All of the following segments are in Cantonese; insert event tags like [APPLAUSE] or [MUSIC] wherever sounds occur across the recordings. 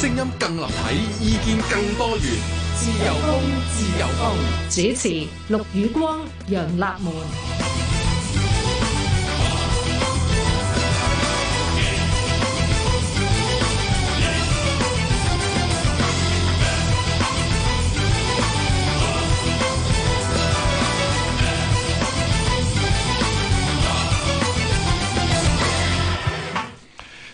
聲音更立體，意見更多元。自由風，自由風。自由風。主持：陸宇光、楊立門。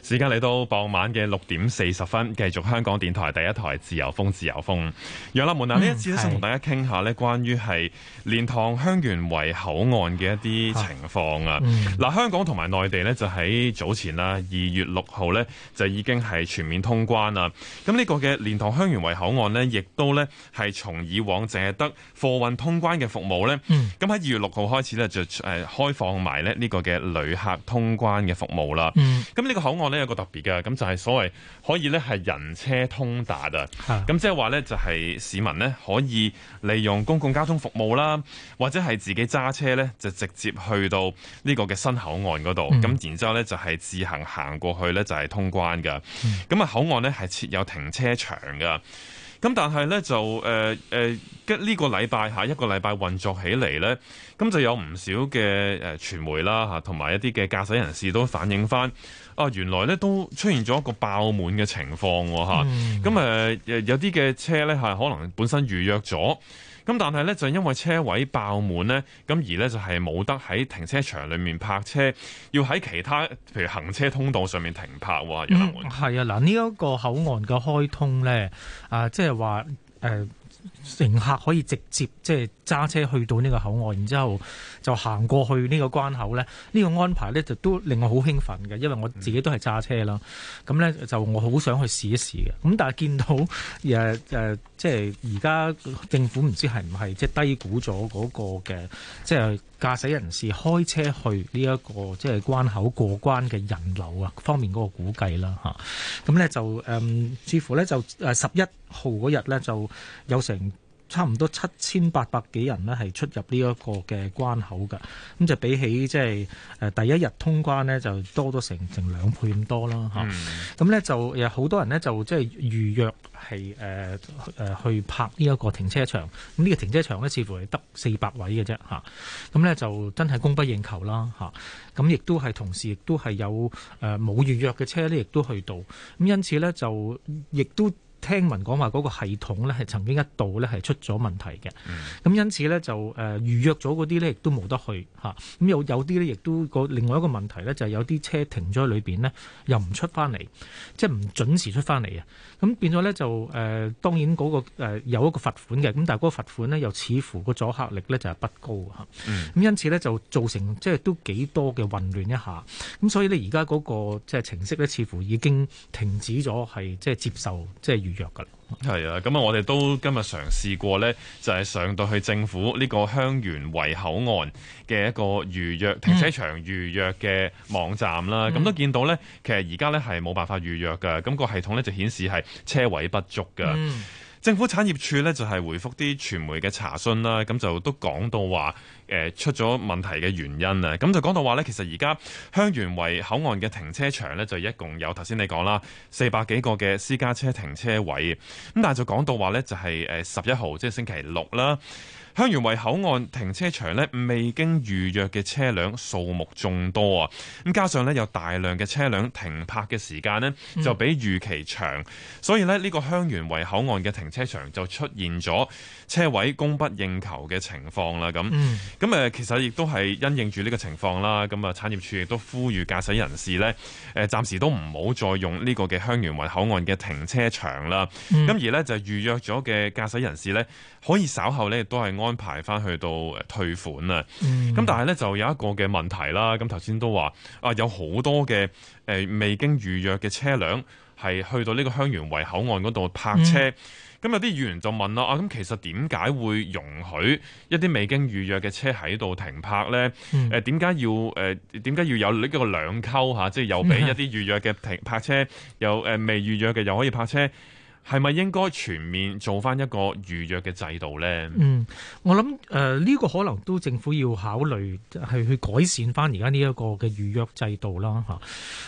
時間嚟到傍晚嘅六點四十分，繼續香港電台第一台自由風，自由風楊立門啊，呢一次咧想同大家傾下咧，關於係蓮塘香園圍口岸嘅一啲情況啊。嗱的，嗯、香港同埋內地咧就喺早前啦，二月六號咧就已經係全面通關啦。咁呢個嘅蓮塘香園圍口岸咧，亦都咧係從以往淨係得貨運通關嘅服務咧，咁喺二月六號開始咧就誒開放埋咧呢個嘅旅客通關嘅服務啦。咁呢、嗯、個口岸都有個特別嘅，咁就係、是、所謂可以咧係人車通達啊，咁即係話咧就係市民咧可以利用公共交通服務啦，或者係自己揸車咧就直接去到呢個嘅新口岸嗰度，咁、嗯、然之後咧就係自行行過去咧就係通關嘅，咁啊、嗯、口岸咧係設有停車場噶。咁但係咧就誒呢、呃，這個禮拜嚇一個禮拜運作起嚟咧，咁就有唔少嘅誒傳媒啦嚇同埋一啲嘅駕駛人士都反映翻，啊原來咧都出現咗一個爆滿嘅情況喎。咁、嗯啊、有啲嘅車咧係可能本身預約咗。咁但係呢，就因為車位爆滿呢，咁而呢，就係冇得喺停車場裏面泊車，要喺其他譬如行車通道上面停泊喎。入境係啊，嗱呢一個口岸嘅開通呢，啊即係話乘客可以直接即係揸車去到呢個口岸，然之後就行過去呢個關口咧。呢、這個安排咧就都令我好興奮嘅，因為我自己都係揸車啦。咁咧、嗯、就我好想去試一試嘅。咁但係見到誒誒、呃呃，即係而家政府唔知係唔係即係低估咗嗰、那個嘅即係駕駛人士開車去呢、這、一個即係、就是、關口過關嘅人流啊方面嗰個估計啦嚇。咁、啊、咧就誒、嗯，似乎咧就誒十一號嗰日咧就有成。差唔多七千八百幾人呢係出入呢一個嘅關口㗎，咁就比起即係誒第一日通關呢，就多咗成成兩倍咁多啦嚇。咁咧、嗯啊、就有好多人呢，就即係預約係誒誒去泊呢一個停車場。咁、這、呢個停車場呢，似乎係得四百位嘅啫嚇。咁、啊、咧就真係供不應求啦嚇。咁、啊、亦都係同時亦都係有誒冇預約嘅車呢，亦都去到。咁因此咧就亦都。聽聞講話嗰個系統咧係曾經一度咧係出咗問題嘅。咁、嗯、因此咧就誒、呃、預約咗嗰啲咧亦都冇得去。咁、啊、有有啲咧亦都個另外一個問題咧就係有啲車停咗喺裏邊咧，又唔出翻嚟，即係唔準時出翻嚟啊，咁變咗咧就誒、呃、當然嗰、那個、呃、有一個罰款嘅，咁但係嗰個罰款咧，又似乎個阻嚇力咧就係不高。咁、嗯、因此咧就造成即係、就是、都幾多嘅混亂一下，咁所以呢，而家嗰個即係、就是、程式咧似乎已經停止咗係即係接受即係、就是約噶，係啊，咁啊，我哋都今日嘗試過呢，就係上到去政府呢個香園圍口岸嘅一個預約停車場預約嘅網站啦，咁、嗯、都見到呢，其實而家呢係冇辦法預約噶，咁個系統呢就顯示係車位不足噶。嗯、政府產業處呢就係回覆啲傳媒嘅查詢啦，咁就都講到話，誒出咗問題嘅原因啊，咁就講到話呢，其實而家香園圍口岸嘅停車場呢，就一共有，頭先你講啦，四百幾個嘅私家車停車位，咁但係就講到話呢，就係誒十一號即係星期六啦，香園圍口岸停車場呢，未經預約嘅車輛數目眾多啊，咁加上呢有大量嘅車輛停泊嘅時間呢，就比預期長，嗯、所以呢，呢個香園圍口岸嘅停車場就出現咗車位供不應求嘅情況啦，咁。咁誒，其實亦都係因應住呢個情況啦。咁啊，產業署亦都呼籲駕駛人士呢，誒暫時都唔好再用呢個嘅香園圍口岸嘅停車場啦。咁、嗯、而呢，就預約咗嘅駕駛人士呢，可以稍後呢都係安排翻去到退款啊。咁、嗯、但係呢，就有一個嘅問題啦。咁頭先都話啊，有好多嘅誒未經預約嘅車輛係去到呢個香園圍口岸嗰度泊車。嗯咁有啲議員就問啦，啊咁其實點解會容許一啲未經預約嘅車喺度停泊咧？誒點解要誒點解、呃、要有呢個兩溝嚇？即係、啊就是、又俾一啲預約嘅停泊車，又、呃、未預約嘅又可以泊車？係咪應該全面做翻一個預約嘅制度咧？嗯，我諗誒呢個可能都政府要考慮，係去改善翻而家呢一個嘅預約制度啦，嚇、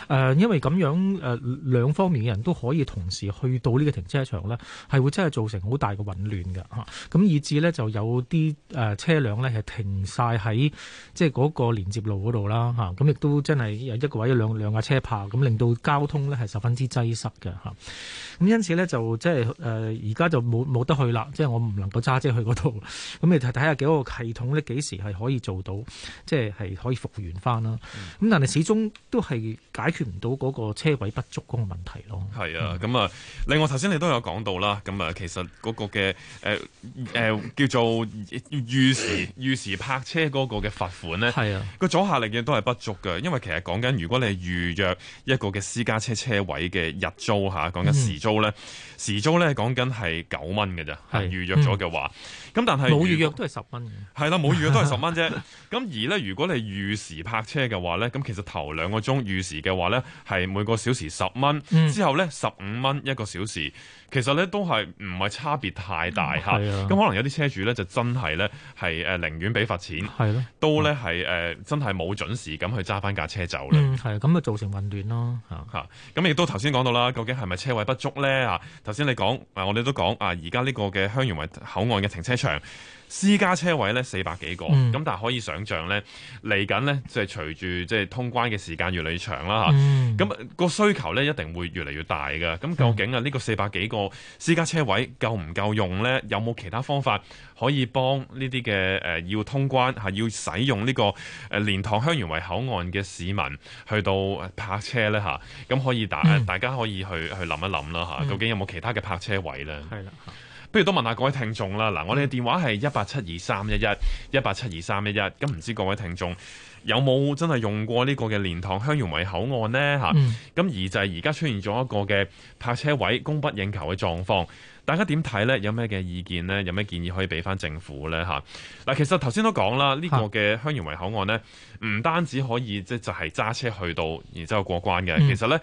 呃、因為咁樣誒兩、呃、方面嘅人都可以同時去到呢個停車場咧，係會真係造成好大嘅混亂嘅嚇，咁、啊、以至咧就有啲誒車輛咧係停晒喺即係嗰個連接路嗰度啦嚇，咁、啊、亦、啊、都真係有一個位兩兩兩架車泊，咁、嗯、令到交通咧係十分之擠塞嘅嚇，咁、啊、因此咧就。即係誒，而家就冇冇得去啦，即係我唔能夠揸車去嗰度。咁你睇睇下幾個系統咧，幾時係可以做到？即係係可以復原翻啦。咁但係始終都係解決唔到嗰個車位不足嗰個問題咯。係啊，咁啊，另外頭先你都有講到啦。咁啊，其實嗰個嘅誒誒，叫做逾時逾時泊車嗰個嘅罰款咧，係啊，個阻嚇力嘅都係不足嘅。因為其實講緊如果你係預約一個嘅私家車車位嘅日租吓，講緊時租咧。嗯時租呢講緊係九蚊嘅啫，預約咗嘅話。咁但係冇預約都係十蚊嘅，係啦，冇預約都係十蚊啫。咁 [LAUGHS] 而咧，如果你預預時泊車嘅話咧，咁其實頭兩個鐘預時嘅話咧，係每個小時十蚊，嗯、之後咧十五蚊一個小時。其實咧都係唔係差別太大嚇咁、嗯、可能有啲車主咧就真係咧係誒，寧願俾罰錢，咯的，都咧係、呃、真係冇準時咁去揸翻架車走啦。係咁啊造成混亂咯嚇嚇。咁亦都頭先講到啦，究竟係咪車位不足咧啊？頭先你講啊，我哋都講啊，而家呢個嘅香園圍口岸嘅停車場。私家車位咧四百幾個，咁、嗯、但係可以想象咧嚟緊咧，即係隨住即係通關嘅時間越嚟越長啦吓，咁個、嗯、需求咧一定會越嚟越大嘅。咁、嗯、究竟啊呢個四百幾個私家車位夠唔夠用咧？有冇其他方法可以幫呢啲嘅誒要通關吓、啊，要使用呢、這個誒蓮、呃、塘香園圍口岸嘅市民去到泊車咧吓？咁、啊、可以大，嗯、大家可以去去諗一諗啦吓。究竟有冇其他嘅泊車位咧？係啦。不如都問下各位聽眾啦。嗱，我哋嘅電話係一八七二三一一一八七二三一一。咁唔知各位聽眾有冇真係用過呢個嘅蓮塘香園圍口岸呢？嚇、嗯。咁而就係而家出現咗一個嘅泊車位供不應求嘅狀況，大家點睇呢？有咩嘅意見呢？有咩建議可以俾翻政府呢？嚇。嗱，其實頭先都講啦，呢、這個嘅香園圍口岸呢，唔單止可以即就係揸車去到，然之後過關嘅。其實呢。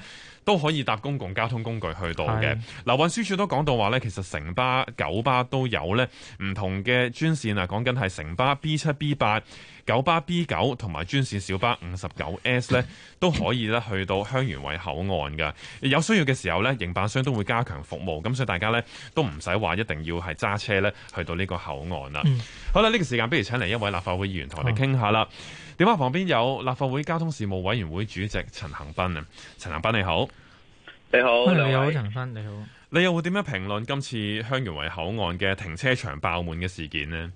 都可以搭公共交通工具去到嘅。嗱，運輸署都講到話呢，其實城巴、九巴都有呢唔同嘅專線啊，講緊係城巴 B 七、B 八、九巴 B 九同埋專線小巴五十九 S 呢，都可以呢去到香園圍口岸嘅。有需要嘅時候呢，營辦商都會加強服務，咁所以大家呢都唔使話一定要係揸車呢去到呢個口岸啦。好啦，呢個時間不如請嚟一位立法會議員同我哋傾下啦。電話旁邊有立法會交通事務委員會主席陳恒鑌。陳恒鑌，你好。你好，你好兩位陳斌，你好，你好，你又會點樣評論今次香園圍口岸嘅停車場爆滿嘅事件呢？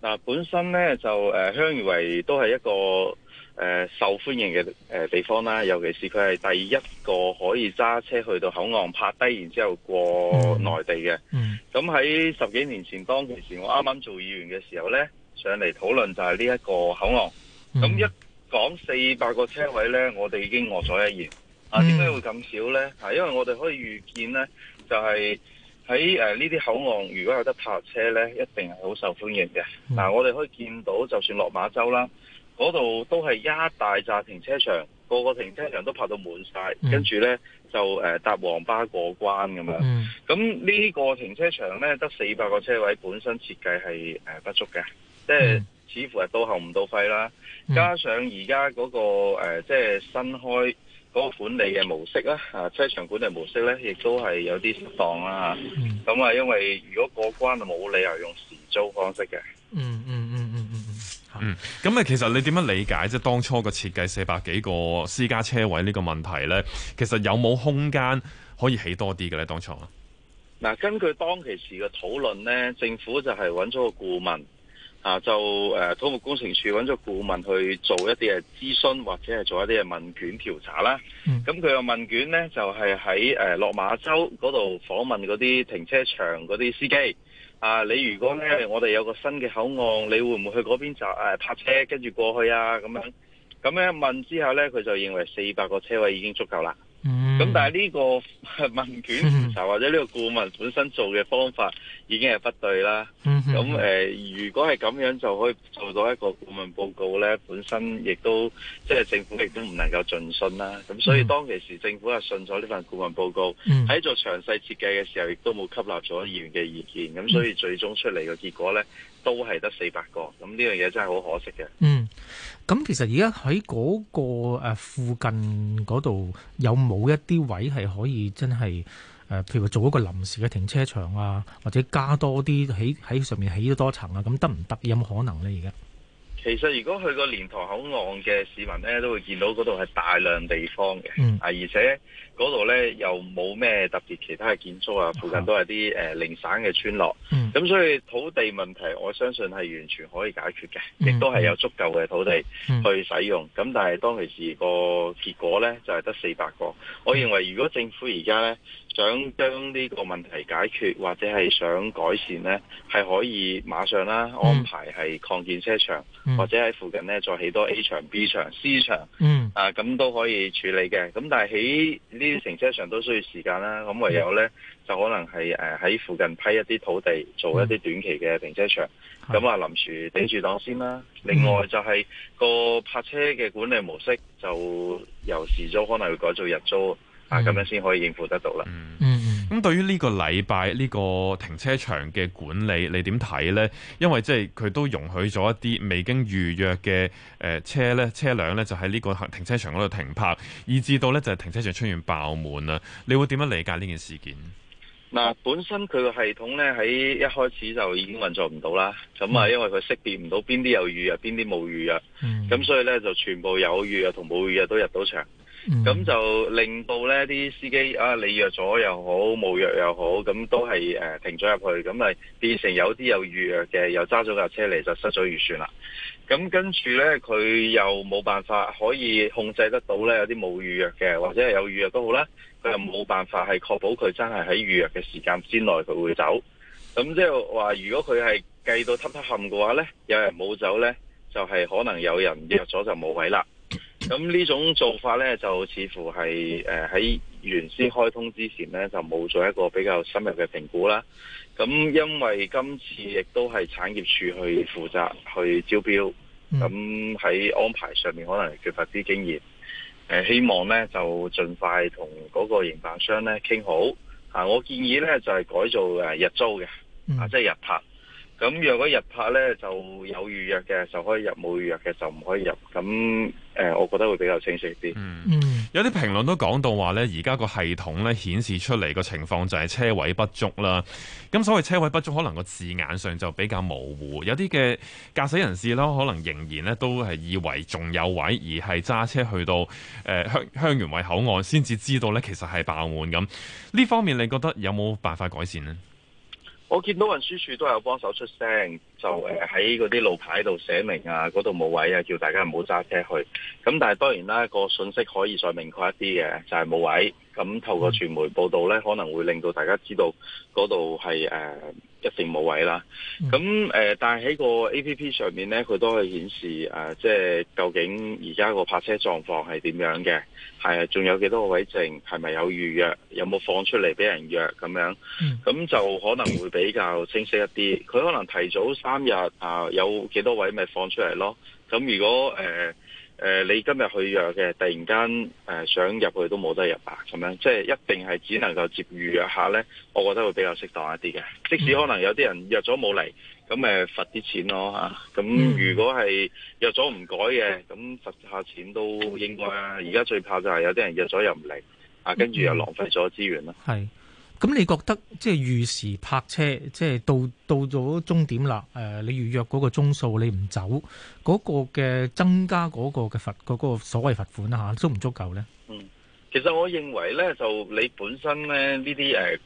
嗱，本身呢，就誒香園圍都係一個誒、呃、受歡迎嘅誒地方啦，尤其是佢係第一個可以揸車去到口岸拍低，然之後過內地嘅。咁喺、嗯嗯、十幾年前，當其時我啱啱做議員嘅時候呢。上嚟討論就係呢一個口岸，咁、嗯、一講四百個車位呢，我哋已經餓咗一言、嗯、啊！點解會咁少呢？因為我哋可以預見呢，就係喺呢啲口岸，如果有得泊車呢，一定係好受歡迎嘅。嗱、嗯啊，我哋可以見到，就算落馬洲啦，嗰度都係一大扎停車場。個個停車場都泊到滿晒，嗯、跟住呢就誒、呃、搭黃巴過關咁樣。咁呢、嗯、個停車場呢，得四百個車位，本身設計係誒不足嘅，即係、嗯、似乎係到喉唔到肺啦。嗯、加上而家嗰個誒、呃、即係新開嗰個管理嘅模式啦，嗯、啊，車場管理模式呢亦都係有啲失當啦。咁啊、嗯，因為如果過關就冇理由用時租方式嘅、嗯。嗯嗯。嗯，咁啊，其實你點樣理解即係當初個設計四百幾個私家車位呢個問題呢？其實有冇空間可以起多啲嘅呢？當初啊，嗱，根據當其時嘅討論呢，政府就係揾咗個顧問吓，就誒土木工程署揾咗顧問去做一啲嘅諮詢，或者係做一啲嘅問卷調查啦。咁佢個問卷呢，就係喺誒落馬洲嗰度訪問嗰啲停車場嗰啲司機。啊！你如果咧，我哋有個新嘅口岸，你會唔會去嗰邊就誒泊車，跟住過去啊？咁樣咁樣一問之後咧，佢就認為四百個車位已經足夠啦。咁、嗯、但係呢個問卷調查或者呢個顧問本身做嘅方法已經係不對啦。咁誒、嗯嗯嗯呃，如果係咁樣，就可以做到一個顧問報告呢，本身亦都即係、就是、政府亦都唔能夠盡信啦。咁所以當其時政府係信咗呢份顧問報告，喺做詳細設計嘅時候，亦都冇吸納咗議員嘅意見。咁所以最終出嚟嘅結果呢，都係得四百個。咁呢樣嘢真係好可惜嘅。嗯咁其實而家喺嗰個附近嗰度有冇一啲位係可以真係誒，譬如做一個臨時嘅停車場啊，或者加多啲起喺上面，起咗多層啊，咁得唔得？有冇可能咧？而家？其實，如果去過蓮塘口岸嘅市民咧，都會見到嗰度係大量地方嘅，嗯、啊，而且嗰度咧又冇咩特別其他嘅建築啊，附近都係啲、呃、零散嘅村落。咁、嗯、所以土地問題，我相信係完全可以解決嘅，亦都係有足夠嘅土地去使用。咁、嗯、但係當其時個結果咧，就係得四百個。嗯、我認為，如果政府而家咧想將呢個問題解決，或者係想改善咧，係可以馬上啦、嗯、安排係擴建車場。嗯或者喺附近呢，再起多 A 場、B 場、C 場，嗯、啊咁都可以處理嘅。咁但係起呢啲停車場都需要時間啦。咁唯有呢，就可能係、呃、喺附近批一啲土地做一啲短期嘅停車場，咁話臨時頂住檔先啦。另外就係個泊車嘅管理模式就由時租可能會改做日租。咁樣先可以應付得到啦。嗯，咁對於呢個禮拜呢、呢個停車場嘅管理，你點睇呢？因為即係佢都容許咗一啲未經預約嘅誒車咧，車輛呢就喺呢個停車場嗰度停泊，以至到呢就係停車場出現爆滿啦！你會點樣理解呢件事件？嗱，本身佢個系統呢，喺一開始就已經運作唔到啦。咁啊，因為佢識別唔到邊啲有預約、邊啲冇預約，咁、嗯、所以呢就全部有預約同冇預約都入到場。咁、嗯、就令到呢啲司機啊，你約咗又好，冇約又好，咁都係誒、呃、停咗入去，咁咪變成有啲有預約嘅，又揸咗架車嚟，就失咗預算啦。咁跟住呢，佢又冇辦法可以控制得到呢。有啲冇預約嘅，或者係有預約都好啦，佢又冇辦法係確保佢真係喺預約嘅時間之內佢會走。咁即係話，如果佢係計到氹氹冚嘅話呢，有人冇走呢，就係、是、可能有人約咗就冇位喇。咁呢種做法呢，就似乎係誒喺原先開通之前呢，就冇做一個比較深入嘅評估啦。咁因為今次亦都係產業署去負責去招標，咁喺安排上面可能缺乏啲經驗。誒、呃，希望呢就盡快同嗰個營辦商呢傾好。啊，我建議呢就係、是、改做誒日租嘅，啊即係、就是、日拍。咁若果日拍呢，就有預約嘅就可以入，冇預約嘅就唔可以入。咁誒、呃，我覺得會比較清晰啲。嗯，有啲評論都講到話呢，而家個系統呢顯示出嚟個情況就係車位不足啦。咁所謂車位不足，可能個字眼上就比較模糊。有啲嘅駕駛人士啦，可能仍然呢都係以為仲有位，而係揸車去到誒香香園圍口岸先至知道呢，其實係爆滿咁。呢方面你覺得有冇辦法改善呢？我見到運輸署都有幫手出聲，就喺嗰啲路牌度寫明啊，嗰度冇位啊，叫大家唔好揸車去。咁但係當然啦，個信息可以再明確一啲嘅，就係、是、冇位。咁透過傳媒報道呢，可能會令到大家知道嗰度係誒一定冇位啦。咁誒、呃，但係喺個 A P P 上面呢，佢都可以顯示誒，即、呃、係、係、究竟而家個泊車狀況係點樣嘅？係啊，仲有幾多個位剩？係咪有預約？有冇放出嚟俾人約咁樣？咁、嗯、就可能會比較清晰一啲。佢可能提早三日啊，有幾多位咪放出嚟咯。咁如果誒，呃誒、呃，你今日去約嘅，突然間誒、呃、想入去都冇得入啊！咁樣，即係一定係只能夠接預約下呢。我覺得會比較適當一啲嘅。即使可能有啲人約咗冇嚟，咁咪罰啲錢咯吓。咁、啊、如果係約咗唔改嘅，咁罰下錢都應該啦、啊。而家最怕就係有啲人約咗又唔嚟，啊，跟住又浪費咗資源啦。係。咁你覺得即係逾時泊車，即係到到咗終點啦、呃？你預約嗰個鐘數，你唔走嗰、嗰個嘅增加嗰個嘅罰嗰、嗰個、所謂罰款啊，足唔足夠呢？嗯，其實我認為呢，就你本身呢呢啲誒、呃、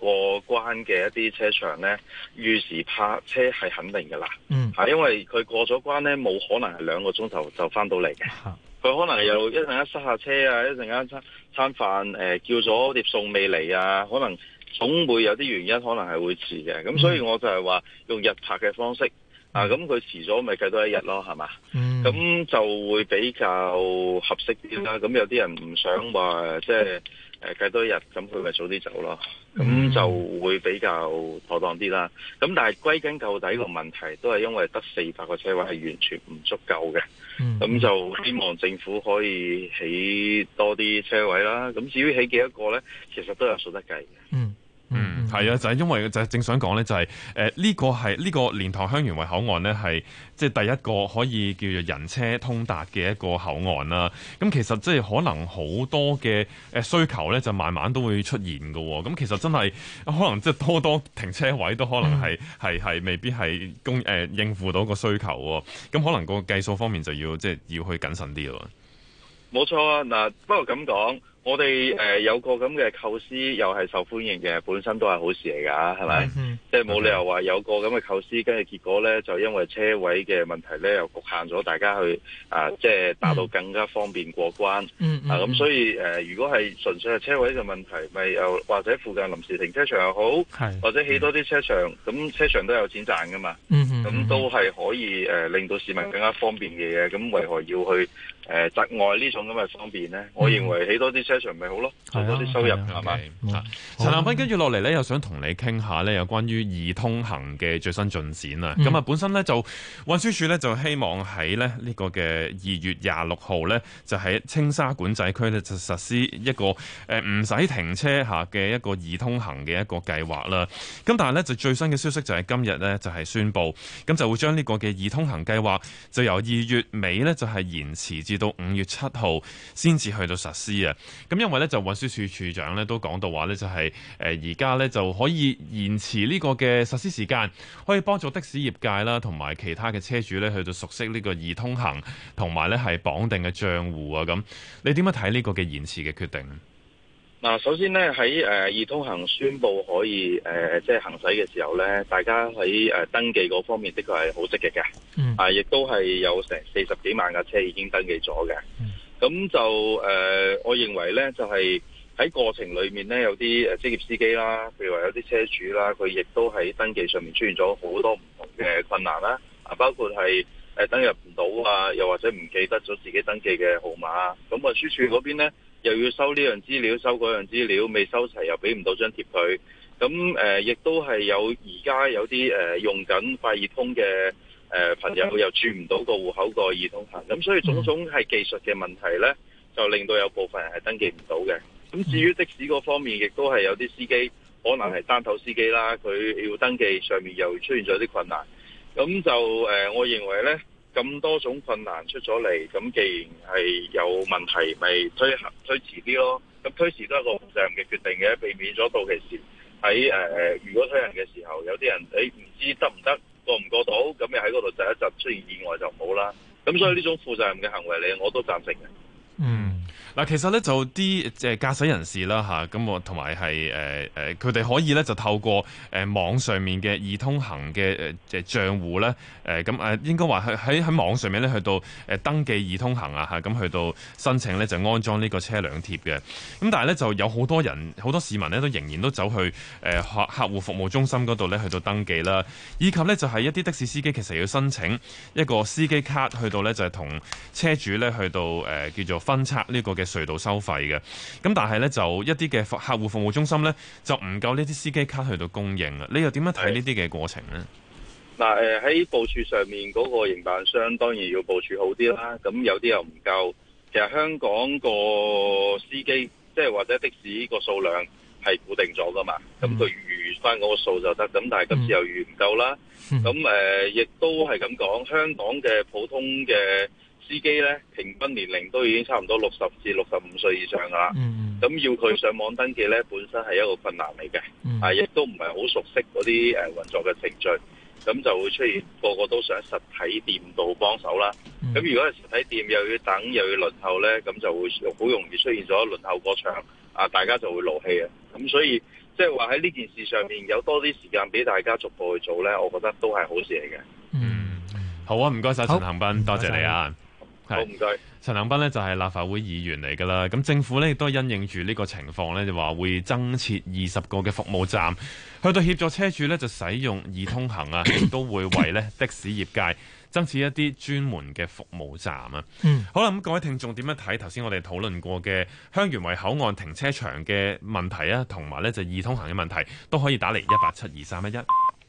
過關嘅一啲車場呢，逾時泊車係肯定㗎啦。嗯，因為佢過咗關呢，冇可能係兩個鐘頭就翻到嚟嘅。佢可能又一陣間塞下車啊，一陣間餐餐飯、呃、叫咗碟餸未嚟啊，可能。總會有啲原因，可能係會遲嘅。咁所以我就係話用日拍嘅方式，嗯、啊咁佢遲咗咪計多一日咯，係嘛？咁、嗯、就會比較合適啲啦。咁、嗯、有啲人唔想話即係誒計多一日，咁佢咪早啲走咯。咁、嗯、就會比較妥當啲啦。咁但係歸根究底個問題都係因為得四百個車位係完全唔足夠嘅。咁、嗯、就希望政府可以起多啲車位啦。咁至於起幾多個呢？其實都有數得計嘅。嗯係啊，就係、是、因為就係、是、正想講咧，就係誒呢個係呢、這個蓮塘香園圍口岸咧，係即係第一個可以叫做人車通達嘅一個口岸啦、啊。咁、嗯、其實即係可能好多嘅誒需求咧，就慢慢都會出現嘅、哦。咁、嗯、其實真係可能即係多多停車位都可能係係係未必係供誒應付到個需求、哦。咁、嗯、可能個計數方面就要即係、就是、要去謹慎啲咯。冇錯啊！嗱，不過咁講。我哋誒、呃、有個咁嘅構思，又係受歡迎嘅，本身都係好事嚟噶，係咪？Mm hmm. 即係冇理由話有個咁嘅構思，跟住、mm hmm. 結果呢，就因為車位嘅問題呢，又局限咗大家去啊，即係達到更加方便過關。Mm hmm. 啊，咁所以誒、呃，如果係純粹係車位嘅問題，咪又或者附近臨時停車場又好，mm hmm. 或者起多啲車場，咁車場都有錢賺噶嘛？咁、mm hmm. 都係可以誒、呃，令到市民更加方便嘅嘢。咁為何要去？誒，室、呃、外呢種咁嘅方便呢？嗯、我認為起多啲車場咪好咯，啊、做多啲收入係咪？陳立芬，跟住落嚟呢，又想同你傾下呢，有關於易通行嘅最新進展咁啊，嗯、本身呢，就運輸署呢，就希望喺呢個嘅二月廿六號呢，就喺青沙管制區呢，就實施一個唔使停車下嘅一個易通行嘅一個計劃啦。咁但係呢，就最新嘅消息就係今日呢，就係、是、宣布，咁就會將呢個嘅易通行計劃就由二月尾呢，就係、是、延遲至，到五月七號先至去到實施啊，咁因為呢，就運輸署署長呢都講到話呢，就係誒而家呢就可以延遲呢個嘅實施時間，可以幫助的士業界啦，同埋其他嘅車主呢去到熟悉呢個易通行，同埋呢係綁定嘅賬戶啊。咁，你點樣睇呢個嘅延遲嘅決定？嗱，首先咧喺誒易通行宣布可以誒即係行駛嘅時候咧，大家喺誒登記嗰方面的確係好積極嘅，啊，亦都係有成四十幾萬架車已經登記咗嘅。咁就誒，我認為咧就係喺過程裏面咧有啲誒職業司機啦，譬如話有啲車主啦，佢亦都喺登記上面出現咗好多唔同嘅困難啦。啊，包括係誒登入唔到啊，又或者唔記得咗自己登記嘅號碼，咁啊，輸處嗰邊咧。又要收呢樣資料，收嗰樣資料，未收齊又俾唔到張貼佢。咁誒，亦、呃、都係有而家有啲誒、呃、用緊快易通嘅誒、呃、朋友又，又轉唔到個戶口個易通行。咁所以種種係技術嘅問題呢，就令到有部分人係登記唔到嘅。咁至於的士嗰方面，亦都係有啲司機可能係單頭司機啦，佢要登記上面又出現咗啲困難。咁就誒、呃，我認為呢。咁多種困難出咗嚟，咁既然係有問題，咪推行推遲啲咯。咁推遲都係一個負責任嘅決定嘅，避免咗到期時喺、呃、如果推行嘅時候，有啲人你唔、欸、知得唔得過唔過到，咁你喺嗰度窒一窒出現意外就唔好啦。咁所以呢種負責任嘅行為，你我都贊成嘅。嗯。嗱，其實咧就啲即係駕駛人士啦吓咁啊同埋係誒誒佢哋可以咧就透過誒網上面嘅易通行嘅誒即係賬戶咧誒咁誒應該話喺喺喺網上面咧去到誒登記易通行啊吓咁去到申請咧就安裝呢個車輛貼嘅。咁但係咧就有好多人好多市民咧都仍然都走去誒客客戶服務中心嗰度咧去到登記啦，以及咧就係一啲的士司機其實要申請一個司機卡去到咧就係同車主咧去到誒叫做分拆呢個嘅。隧道收費嘅，咁但係咧就一啲嘅客戶服務中心咧就唔夠呢啲司機卡去到供應啊，你又點樣睇呢啲嘅過程咧？嗱，誒、呃，喺部署上面嗰個營辦商當然要部署好啲啦，咁有啲又唔夠，其實香港個司機即係或者的士個數量係固定咗噶嘛，咁佢預翻嗰個數就得。咁但係今次又預唔夠啦，咁誒亦都係咁講香港嘅普通嘅。司機咧，平均年齡都已經差唔多六十至六十五歲以上噶啦。咁、嗯、要佢上網登記咧，本身係一個困難嚟嘅。啊、嗯，亦都唔係好熟悉嗰啲誒運作嘅程序，咁、嗯、就會出現個個都想實體店度幫手啦。咁、嗯、如果係實體店又要等又要輪候咧，咁就會好容易出現咗輪候過長啊，大家就會勞氣啊。咁所以即係話喺呢件事上面有多啲時間俾大家逐步去做咧，我覺得都係好事嚟嘅。嗯，好啊，唔該晒陳恆鑌，多好謝，謝你啊。係陳恆鑌咧，就係立法會議員嚟噶啦，咁政府咧，亦都因應住呢個情況咧，就話會增設二十個嘅服務站，去到協助車主咧，就使用易通行啊，亦都會為咧的士業界增設一啲專門嘅服務站啊。嗯，好啦，咁各位聽眾點樣睇？頭先我哋討論過嘅香園圍口岸停車場嘅問題啊，同埋咧就易通行嘅問題，都可以打嚟一八七二三一一。